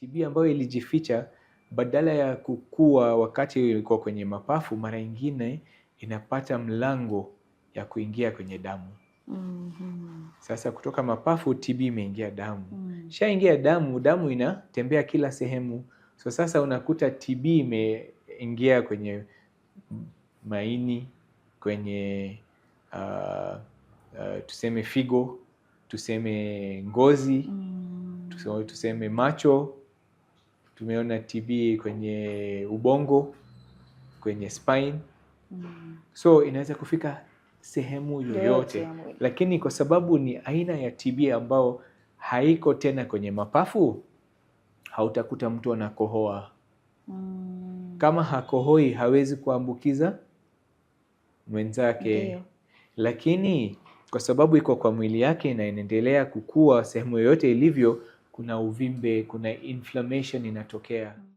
TB ambayo ilijificha badala ya kukua wakati ilikuwa kwenye mapafu, mara nyingine inapata mlango ya kuingia kwenye damu. Mm -hmm. Sasa kutoka mapafu TB imeingia damu. Mm -hmm. Shaingia damu, damu inatembea kila sehemu. So sasa unakuta TB imeingia kwenye maini, kwenye uh, uh, tuseme figo, tuseme ngozi, mm -hmm. tuseme macho tumeona TB kwenye ubongo, kwenye spine mm. So inaweza kufika sehemu yoyote, lakini kwa sababu ni aina ya TB ambao haiko tena kwenye mapafu, hautakuta mtu anakohoa mm. Kama hakohoi hawezi kuambukiza mwenzake Ndiyo. Lakini kwa sababu iko kwa mwili yake na inaendelea kukua sehemu yoyote ilivyo kuna uvimbe, kuna inflammation inatokea.